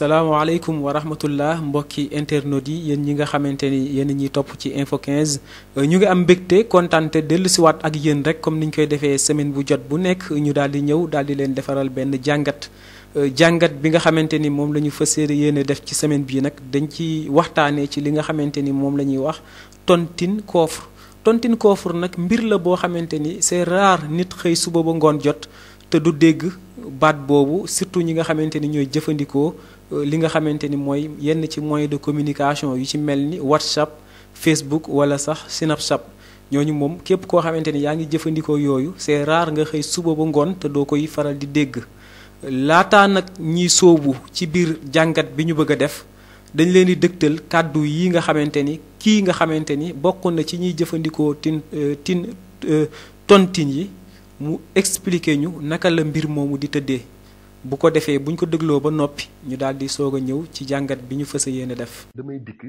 salaamaaleykum wa rahmatullah mbokki internet yi yéen ñi nga xamante ni yéen ñuy topp ci info 15 ñu ngi am mbégte kontaan te dellusiwaat ak yéen rek comme ni ñu koy defee semaine bu jot bu nekk ñu daal di ñëw daal di leen defaral benn jàngat. Euh, jàngat bi nga xamante ni moom la ñu fas yéene def ci semaine bii nag dañ ci waxtaanee ci li nga xamante ni moom la ñuy wax tontine coffre tontine coffre nag mbir la boo xamante ni c'est rare nit xëy suba ba ngoon jot te du dégg baat boobu surtout ñi nga xamante ni ñooy jëfandikoo. li nga xamante ni mooy yenn ci moyen de communication yu ci mel ni WhatsApp Facebook wala sax Snapchat ñooñu moom képp koo xamante ni yaa ngi jëfandikoo yooyu c'est nga xëy suba ba ngoon te doo koy faral di dégg laata nag ñiy soobu ci biir jàngat bi ñu bëgg a def dañ leen di dëgtal kàddu yi nga xamante ni kii nga xamante ni bokk na ci ñuy jëfandikoo tin euh, tin euh, tontine yi mu expliquer ñu naka la mbir moomu di tëddee bu ko defee buñ ko dégloo ba noppi ñu daal di soog a ñëw ci jàngat bi ñu fës a def. damay dikk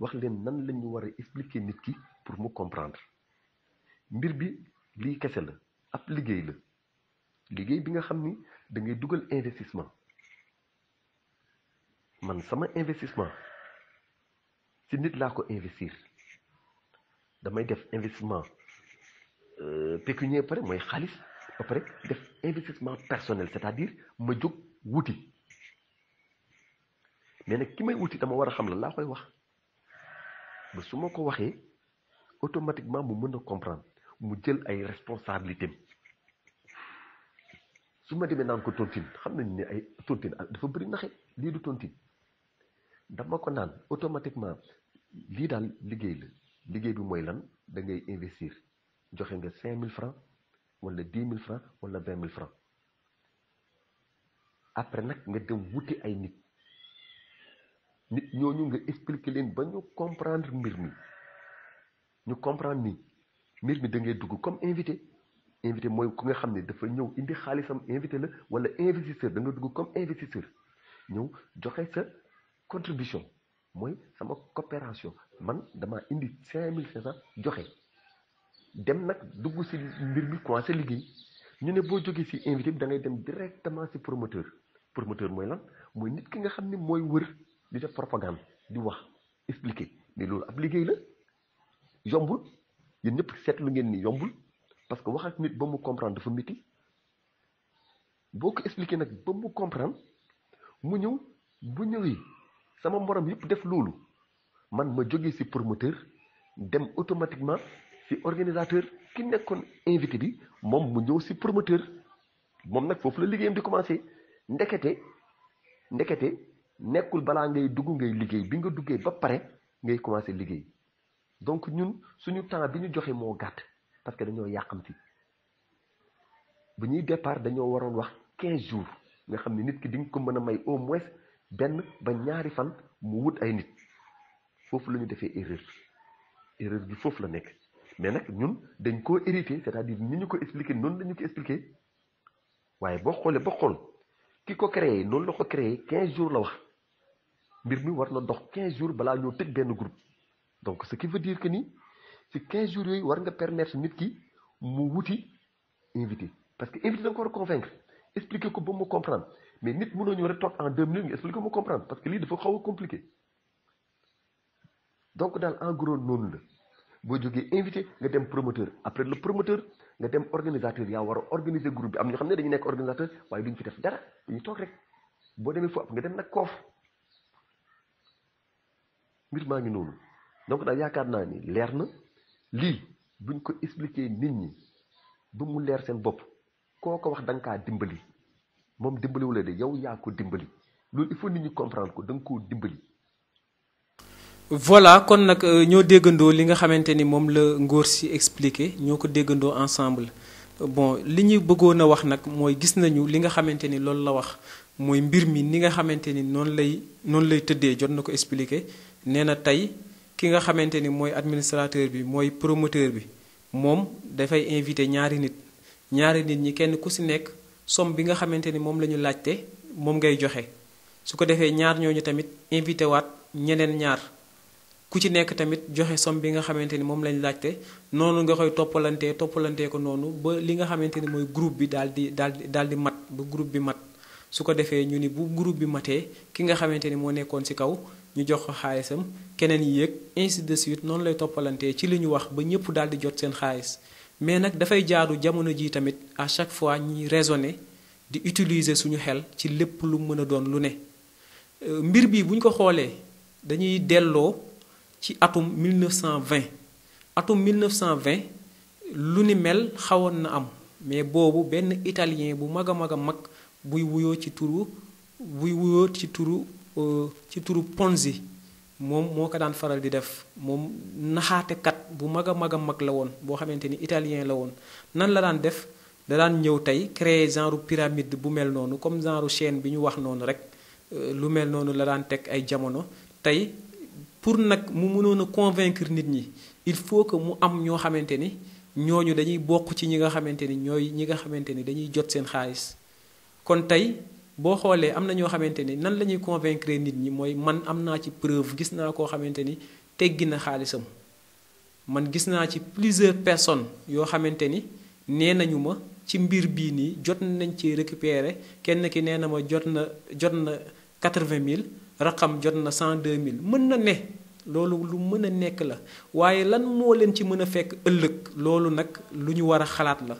wax leen nan la ñu war a expliquer nit ki pour mu comprendre mbir bi lii kese la ab liggéey la liggéey bi nga xam ni da ngay dugal investissement man sama investissement ci nit laa ko investir damay def investissement euh, pécunier pare mooy xaalis. ba pare def investissement personnel c'est-à-dire ma jóg wuti mais nag ki may wuti dama war a xam la laa koy wax ba su ma ko waxee automatiquement mu mën a comprendre mu jël ay responsabilités su ma demee naan ko tontine xam nañ ni ay tontine dafa bëri naxe lii du tontine dama ko naan automatiquement lii daal liggéey la liggéey bi mooy lan da ngay investir joxe nga cinq mille francs wala dix mille francs wala vingt mille francs après nag nga dem wuti ay nit nit ñooñu nga expliquer leen ba ñu comprendre mbir mi ñu comprendre ni mbir mi da ngay dugg comme invité invité mooy ku nga xam ne dafa ñëw indi xaalisam invité la wala investisseur da nga dugg comme investisseur ñëw joxe sa contribution mooy sama coopération man dama indi cinq mille cinq cent joxe dem nag dugg si mbir mi commencé liggéey ñu ne boo jógee si invité bi da ngay dem directement si promoteur promoteur mooy lan mooy nit ki nga xam ne mooy wër di def propagande di wax expliquer mais loolu ab liggéey la yombul yéen ñëpp seetlu ngeen ni yombul parce que wax ak nit ba mu comprendre dafa métti boo ko expliquer nag ba mu comprendre mu ñëw bu ñëwee sama morom yëpp def loolu man ma jógee si promoteur dem automatiquement. ci organisateur ki nekkoon invité bi moom mu ñëw si promoteur moom nag foofu la liggéeyam di commencé ndekete ndekete nekkul balaa ngay dugg ngay liggéey bi nga duggee ba pare ngay commencé liggéey donc ñun suñu temps bi ñu joxee moo gàtt parce que dañoo yàqamti bu ñuy départ dañoo waroon wax quinze jours nga xam ne nit ki di nga ko mën a may au moins benn ba ñaari fan mu wut ay nit foofu la ñu defee erreur erreur bi foofu la nekk mais nous, ñun dañ ko hérité c'est-à-dire nous ñu ko expliqué nous avons ko expliqué waye xolé xol créé la créé 15 jours la wax mbir war dox 15 jours bala ñu tëj groupe donc ce qui veut dire que ni ci 15 jours yoy war nga permettre nit ki mu wuti parce que invité encore convaincre expliquer ko bu mu comprendre mais nit mëno ñu en deux minutes expliquer ko mu comprendre parce que lii dafa xaw compliqué donc dans en gros nous la. boo jógee invité nga dem promoteur après le promoteur nga dem organisateur yaa war a organiser groupe bi am ñoo xam ne dañu nekk organisateur waaye duñ fi def dara dañuy toog rek boo demee foofu nga dem nag koof mbir maa ngi noonu donc daal yaakaar naa ni leer na lii buñ ko expliquer nit ñi ba mu leer seen bopp koo ko wax da kaa dimbali moom dimbaliwu la de yow yaa ko dimbali loolu il faut nit ñi comprendre ko da nga koo dimbali voilà kon nag euh, ñoo déggandoo li nga xamante ni moom la ngóor si expliqué ñoo ko déggandoo ensemble euh, bon li ñu bëggoon a wax nag mooy gis nañu li nga xamante ni loolu la wax mooy mbir mi ni nga xamante ni noonu lay noonu lay tëddee jot na ko expliqué nee na tey ki nga xamante ni mooy administrateur bi mooy promoteur bi moom dafay invité ñaari nit ñaari nit ñi kenn ku si nekk somme bi nga xamante ni moom la ñu laajte moom ngay joxe su ko defee ñaar ñooñu tamit invité waat ñeneen ñaar ku ci nekk tamit joxe somme bi nga xamante ni moom lañ laajte noonu nga koy toppalantee toppalantee ko noonu ba li nga xamante ni mooy groupe bi daal di dal di daal di mat ba groupe bi mat su ko defee ñu ni bu groupe bi matee ki nga xamante ni moo nekkoon ci kaw ñu jox ko xaalisam keneen yi yéeg ainsi de suite noonu lay toppalantee ci li ñu wax ba ñëpp daal di jot seen xaalis mais nag dafay jaaru jamono ji tamit à chaque fois ñuy raisonner di utiliser suñu xel ci lépp lu mën a doon lu ne euh, mbir bi bu ko xoolee dañuy delloo. ci atum mille 1920 atum cent 1920 lu ni mel xawoon na am mais boobu benn italien bu mag a mag a mag buy wuyoo ci turu buy wuyoo ci turu euh, ci turu Ponzi moom moo ko daan faral di def moom naxaate kat bu mag a mag a mag la woon boo xamante ni italien la woon nan la daan def da daan ñëw tey créer genre pyramide bu mel noonu comme genre chaîne bi ñu wax noonu rek euh, lu mel noonu la daan teg ay jamono tey pour nag mu mënoon a convaincre nit ñi il faut que mu am ñoo xamante ni ñooñu dañuy bokk ci ñi nga xamante ni ñooy ñi nga xamante ni dañuy jot seen xaalis kon tey boo xoolee am na ñoo xamante ni nan la ñuy convaincre nit ñi mooy man am naa ci preuve gis naa koo xamante ni teggi na xaalisam man gis naa ci plusieurs personnes yoo xamante ni nee nañu ma ci mbir bii nii jot nañ ci récupérer kenn ki nee na ma jot na jot na quatre-vingt mille raqam jot na cent deux mille mën na ne loolu lu mën a nekk la waaye lan moo leen ci mën a fekk ëllëg loolu nag lu ñu war a xalaat la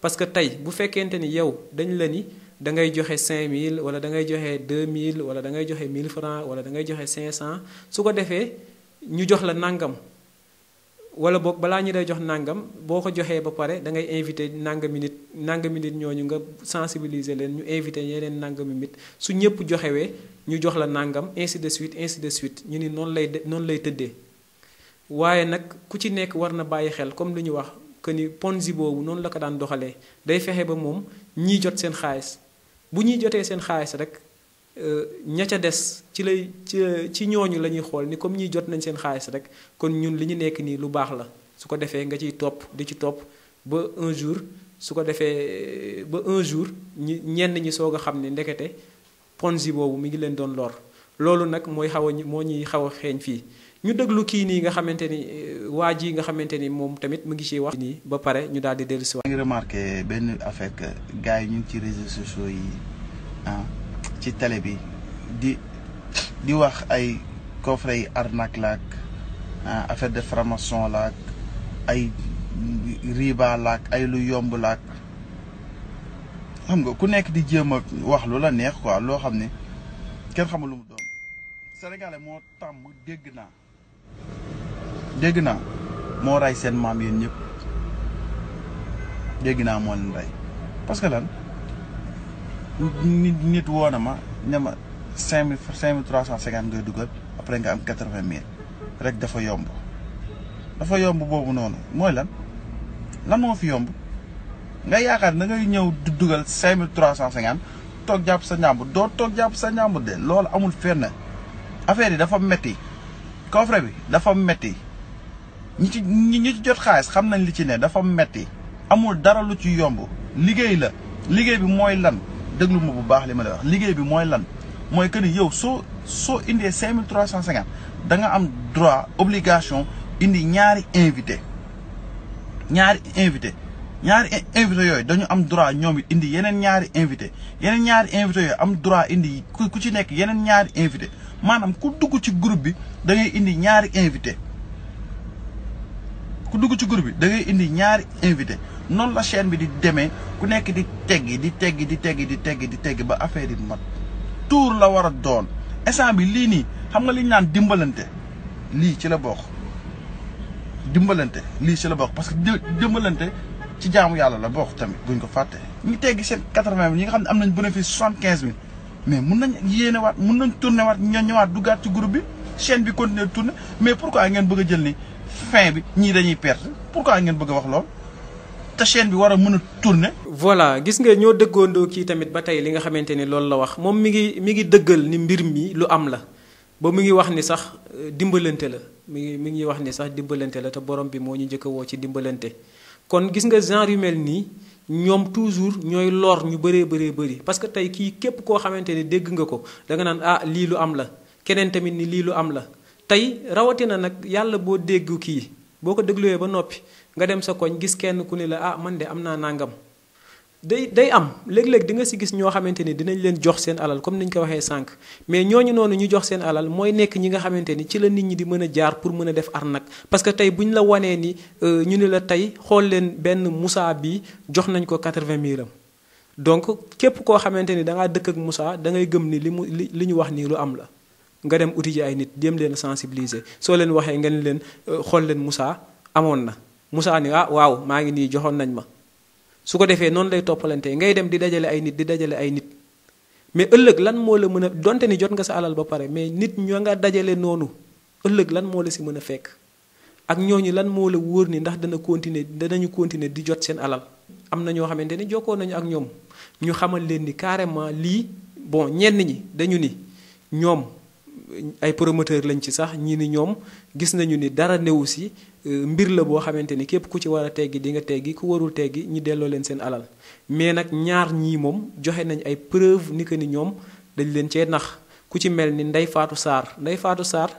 parce que tey bu fekkente ni yow dañ la ni da ngay joxe 5000 wala da ngay joxe 2000 wala da ngay joxe 1000 francs wala da ngay joxe 500 su ko defee ñu jox la nangam wala boog balaa ñu day jox nangam boo ko joxee ba pare dangay invité nangami nit ñooñu nga sensibiliser leen ñu invité yeneen nangami su ñëpp joxewee ñu jox la nangam ainsi de suite ainsi de suite ñu ni noonu lay noonu lay tëddee. waaye nag ku ci nekk war na bàyyi xel comme lu ñu wax que ni ponzi boobu noonu la ko daan doxalee day fexe ba moom ñii jot seen xaalis bu ñuy jotee seen xaalis rek. Euh, ña ca des ci lay ci ñooñu la ñuy xool ni comme ñi jot nañ seen xaalis rek kon ñun li ñu nekk nii lu baax la su ko defee nga ciy topp di ci topp ba un jour su ko defee euh, ba un jour ñi ñenn ñi soog a xam ne ndekete ponsi boobu mi ngi leen doon lor loolu nag mooy xaw a moo ñuy xaw a xeeñ fii ñu déglu kii nii nga xamante ni euh, waa ji nga xamante ni moom tamit mu ngi ciy wax nii ba pare ñu daal di dellusiwaat. maa ngi remarqué benn affaire que gars yi ñu ngi ci réseaux sociaux yi ah. ci tele bi di di wax ay coffre yi arnaque laak ah, affaire de franc-maçon laak ay riba laak ay lu yomb laak xam nga ku nekk di jéem a wax lu la neex quoi loo xam ne kenn xamul lu mu doon sénégalais moo tàmm dégg naa dégg naa moo rey seen maam yéen ñëpp dégg naa moo leen rey parce que nit nit woo na ma ne ma cinq mille cinq mille cent cinquante ngay dugal après nga am quatre vingt rek dafa yomb dafa yomb boobu noonu mooy lan lan moo fi yomb nga yaakaar na ngay ñëw du dugal cinq mille trois cent cinquante toog jàpp sa njàmbur doo toog jàpp sa njàmbur de loolu amul na affaire yi dafa metti coffre bi dafa metti ñi ci ñi ci jot xaalis xam nañ li ci ne dafa metti amul dara lu ci yomb liggéey la liggéey bi mooy lan déglu ma bu baax li ma lay wax liggéey bi mooy lan mooy que ni yow soo soo indee cinq mille trois cent cinquante da nga am droit obligation indi ñaari invité ñaari invité ñaari invité yooyu dañu am droit ñoom it indi yenen ñaari invité yenen ñaari invité yooyu am droit indi ku ci nekk yenen ñaari invité manam ku dugg ci groupe bi da ngay indi ñaari invité ku dugg ci groupe bi da ngay indi ñaari invité Non la chaîne bi di démé ku nekk di téggi di téggi di téggi di téggi di téggi ba affaire yi mat tour la war a doon instant bi lii nii xam nga li ñu naan dimbalante lii ci la bokk dimbalante lii ci la bokk parce que dimbalante ci jaamu yàlla la bokk tamit buñ ko fàtte. ñu teggi seen 80 vingt ñi nga xam ne am nañ bénéfice 75 mille mais mun nañ yéene waat mun nañ tourné waat ñoo duggaat ci groupe bi chaîne bi continuer tourné mais pourquoi ngeen bëgg a jël ni fin bi ñii dañuy perte pourquoi ngeen bëgg a wax lool. te bi war a mën a tourner. voilà gis nga ñoo dëggoondoo kii tamit ba tey li nga xamante ni loolu la wax moom mi ngi mi ngi dëggal ni mbir mi lu am la ba mu ngi wax ni sax euh, dimbalante la mi ngi mi ngi wax ni sax dimbalante la te borom bi moo ñu njëkk woo ci dimbalante. kon gis nga genre yu mel nii ñoom toujours ñooy lor ñu bëree bëree bëri parce que tey kii képp koo xamante ni dégg nga ko danga naan ah lii lu am la keneen tamit ni lii lu am la tey rawatina nag yàlla boo dégg kii boo ko dégluwee ba noppi. nga dem sa koñ gis kenn ku ni la ah man de am naa nàngam day day am léeg-léeg di nga si gis ñoo xamante ni dinañ leen jox seen alal comme ni ñu ko waxee sànq mais ñooñu noonu ñu jox seen alal mooy nekk ñi nga xamante ni ci la nit ñi di mën a jaar pour mën a def arnaque parce que tey bu ñu la wanee nii euh, ñu ni la tey xool leen benn Moussa bii jox nañ ko 80 000 am donc képp koo xamante ni da ngaa dëkk ak Moussa da ngay gëm ni li mu li li ñu wax nii lu am la nga dem uti ji nit jéem leen sensibiliser soo leen waxee ngeen leen euh, xool leen Moussa amoon na. Moussa ni ah waaw maa ngi nii joxoon nañ ma su ko defee noonu lay toppalantee ngay dem di dajale ay nit di dajale ay nit mais ëllëg lan moo la mën a donte ni jot nga sa alal ba pare mais nit ñoo nga dajale noonu ëllëg lan moo la si mën a fekk ak ñooñu lan moo la wóor nii ndax dana continuer danañu continuer di jot seen alal am na ñoo xamante ni jokkoo nañu ak ñoom ñu xamal leen ni carrément lii bon ñenn ñi dañu ni ñoom. ay promoteur lañ ci sax ñii ni ñoom gis nañu ni dara néewu si euh, mbir la boo xamante ni képp ku ci war a teggi di nga teggi ku warul teggi ñi delloo leen seen alal mais nag ñaar ñii moom joxe nañ ay preuve ni que ni ñoom dañ leen cee nax ku ci mel ni Ndeye faatu saar Ndeye faatu saar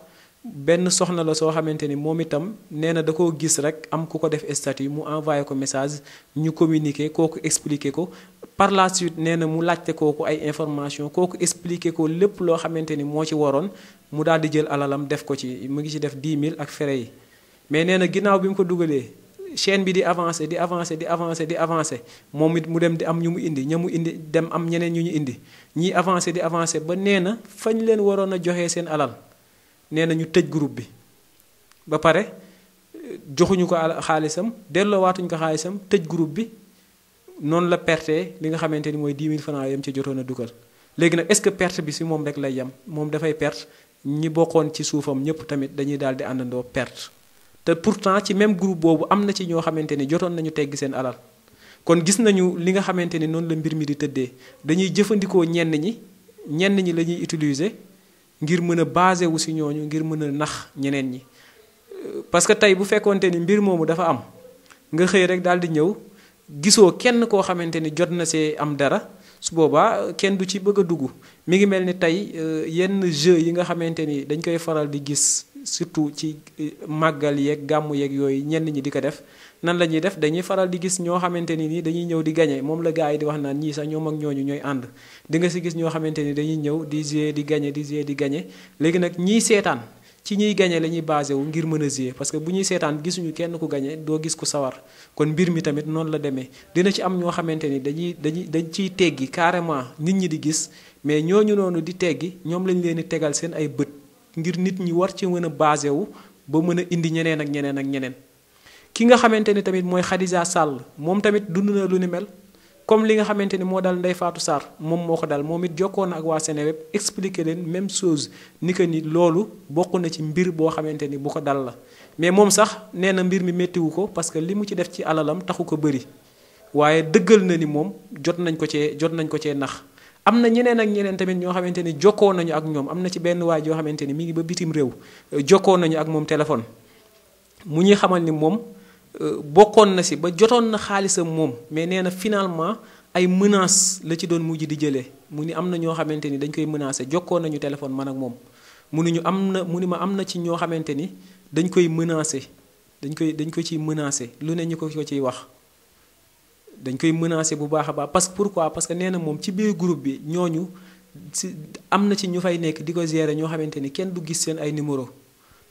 benn soxna la soo xamante ni moom itam nee na da koo gis rek am ku ko def statut mu envoyé ko message ñu communiqué kooku expliqué ko par la suite nee na mu laajte kooku ay information kooku expliqué ko lépp loo xamante ni moo ci waroon mu daal di jël alalam def ko ci mu ngi ci def 10 mille ak fere yi mais nee na ginnaaw bi mu ko dugalee chaîne bi di avancé di avancé di avancé di avancé moom it mu dem di am ñu mu indi ña mu indi dem am ñeneen ñu ñu indi ñiy avancé di avancé ba nee na fañ leen waroon a joxe seen alal nee na ñu tëj groupe bi ba pare joxuñu ko xaalisam delloowaatuñu ko xaalisam tëj groupe bi noonu la perte li nga xamante ni mooy 10 000 francs yam ci jotoon a dugal léegi nag est-ce que perte bi si moom rek lay yem moom dafay perte ñi bokkoon ci suufam ñëpp tamit dañuy daal di àndandoo perte te pourtant ci même groupe boobu am na ci ñoo xamante ni jotoon nañu tegg seen alal kon gis nañu li nga xamante ni noonu la mbir mi di tëddee dañuy jëfandikoo ñenn ñi ñenn ñi la utiliser ngir mën a basé wu si ñooñu ngir mën a nax ñeneen ñi parce que tey bu fekkonte ni mbir moomu dafa am nga xëy rek daal di ñëw gisoo kenn koo xamante ni jot na see am dara su boobaa euh, kenn du ci bëgg a dugg mi ngi mel ni tey euh, yenn jeu yi nga xamante ni dañ koy faral di gis surtout ci euh, màggal yeeg gàmm yeeg yooyu ñenn ñi di ko def nan la ñuy def dañuy faral di gis ñoo xamante ni nii dañuy ñëw di gagné moom la gars yi di wax naan ñii sax ñoom ak ñooñu ñooy ànd di nga si gis ñoo xamante ni dañuy ñëw di jouer di gagné di di gagné léegi nag ñiy seetaan ci ñuy gagné lañuy ñuy basé wu ngir mën a jouer parce que bu ñuy seetaan gisuñu kenn ku gagné doo gis ku sawar kon mbir mi tamit noonu la demee dina ci am ñoo xamante ni dañuy dañuy dañ ciy teggi carrément nit ñi di gis mais ñoo ñu noonu di teggi ñoom lañ leen di tegal seen ay bët ngir nit ñi war ci mën a basé wu ba mën a indi ñeneen ak ñeneen ak ñeneen ki nga xamante ni tamit mooy Khadija Sall moom tamit dund na lu ni mel comme li nga xamante ni moo dal Ndeye faatu saar moom moo ko dal moom it jokkoo ak waa Seneweb expliqué leen même chose ni que ni loolu bokk na ci mbir boo xamante ni bu ko dal la. mais moom sax nee na mbir mi méttiwu ko parce que li mu ci def ci alalam taxu ko bëri waaye dëggal na ni moom jot nañ ko cee jot nañ ko cee nax. am na ñeneen ak ñeneen tamit ñoo xamante ni jokkoo nañu ak ñoom am na ci benn waay yoo xamante ni mi ngi ba bitim réew jokkoo nañu ak moom téléphone mu ñuy xamal ni moom. bokkoon na si ba jotoon na xaalisam moom mais nee na finalement ay menaces la ci doon mujj di jëlee mu ni am na ñoo xamante ni dañ koy menacé jokkoon nañu téléphone man ak moom mu ñu am na mu ma am na ci ñoo xamante ni dañ koy menacé dañ koy dañ ko ciy menacé lu ne ñu ko ko ciy wax dañ koy menacé bu baax a baax parce que pourquoi parce que nee na moom ci biir groupe bi ñooñu si am na ci ñu fay nekk di ko gérer ñoo xamante ni kenn du gis seen ay numéro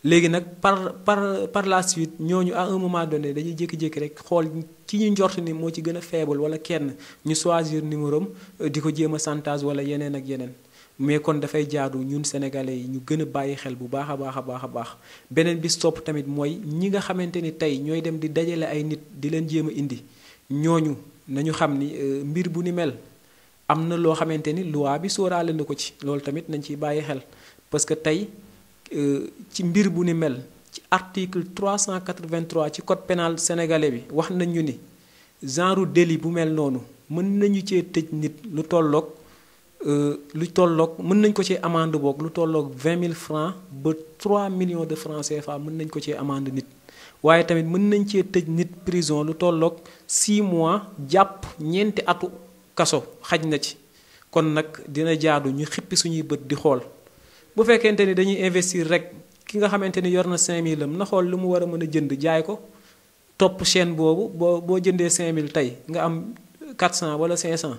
léegi nag par par par la suite ñooñu à un moment donné dañuy jékki-jékki rek xool ci ñu njort ni moo ci gën a feebal wala kenn ñu choisir numéro am euh, di ko jéem a chantage wala yeneen ak yeneen mais kon dafay jaadu ñun sénégalais yi ñu gën a bàyyi xel bu baax a baax a baax a baax beneen bi topp tamit mooy ñi nga xamante ni tey ñooy dem di dajale ay nit di leen jéem a indi ñooñu nañu xam ni euh, mbir bu ni mel am na loo xamante ni loi bi sóoraale na ko ci loolu tamit nañ ciy bàyyi xel parce que tey. ci mbir bu ni mel ci article 383 ci code pénal sénégalais bi wax nañ ñu ni genre délit bu mel noonu mën nañu cee tëj nit lu tolloog euh, lu tolloog mën nañ ko cee amende book lu tolloog vingt mille francs bët 3 millions de francs CFA mën nañ ko cee amende nit waaye tamit mën nañ cee tëj nit prison lu tolloog 6 mois jàpp ñeenti atu kaso xaj na ci kon nag dina jaadu ñu xippi suñuy bët di xool bu fekkente ni dañuy investir rek ki nga xamante ni yor na 5000 am na xool lu mu a jënd jaay ko 5000 400 wala 500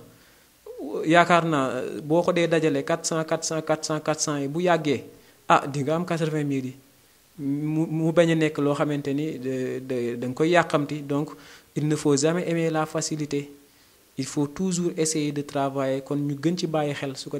yaakaar naa euh, boo ko dee 400 400 400 400 bu ah di 80 a nekk de xamante donc il ne faut jamais aimer la facilité il faut toujours essayer de travailler kon ñu gën ci bàyyi xel su ko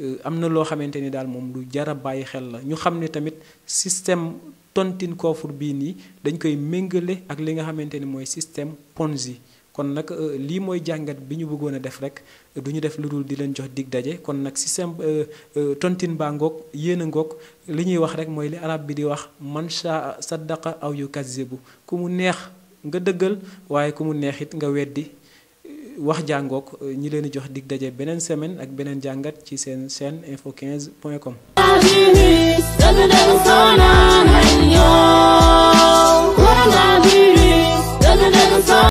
Euh, am na loo xamante ni daal moom lu jara bàyyi xel la ñu xam ne tamit système tontine koofur bii nii dañ koy méngale ak li nga xamante ni mooy système ponzi kon nag euh, lii mooy jàngat bi ñu bëggoon a def rek du ñu def lu dul di leen jox dig daje kon nag système euh, tontine baa ngoog yéen a ngoog li ñuy wax rek mooy li arab bi di wax man shaa saddaqa aw yu kazibu ku mu neex nga dëggal waaye ku mu neex it nga weddi wax jàngook ñi leen di jox dig daje beneen semaine ak beneen jàngat ci seen chaîne info 15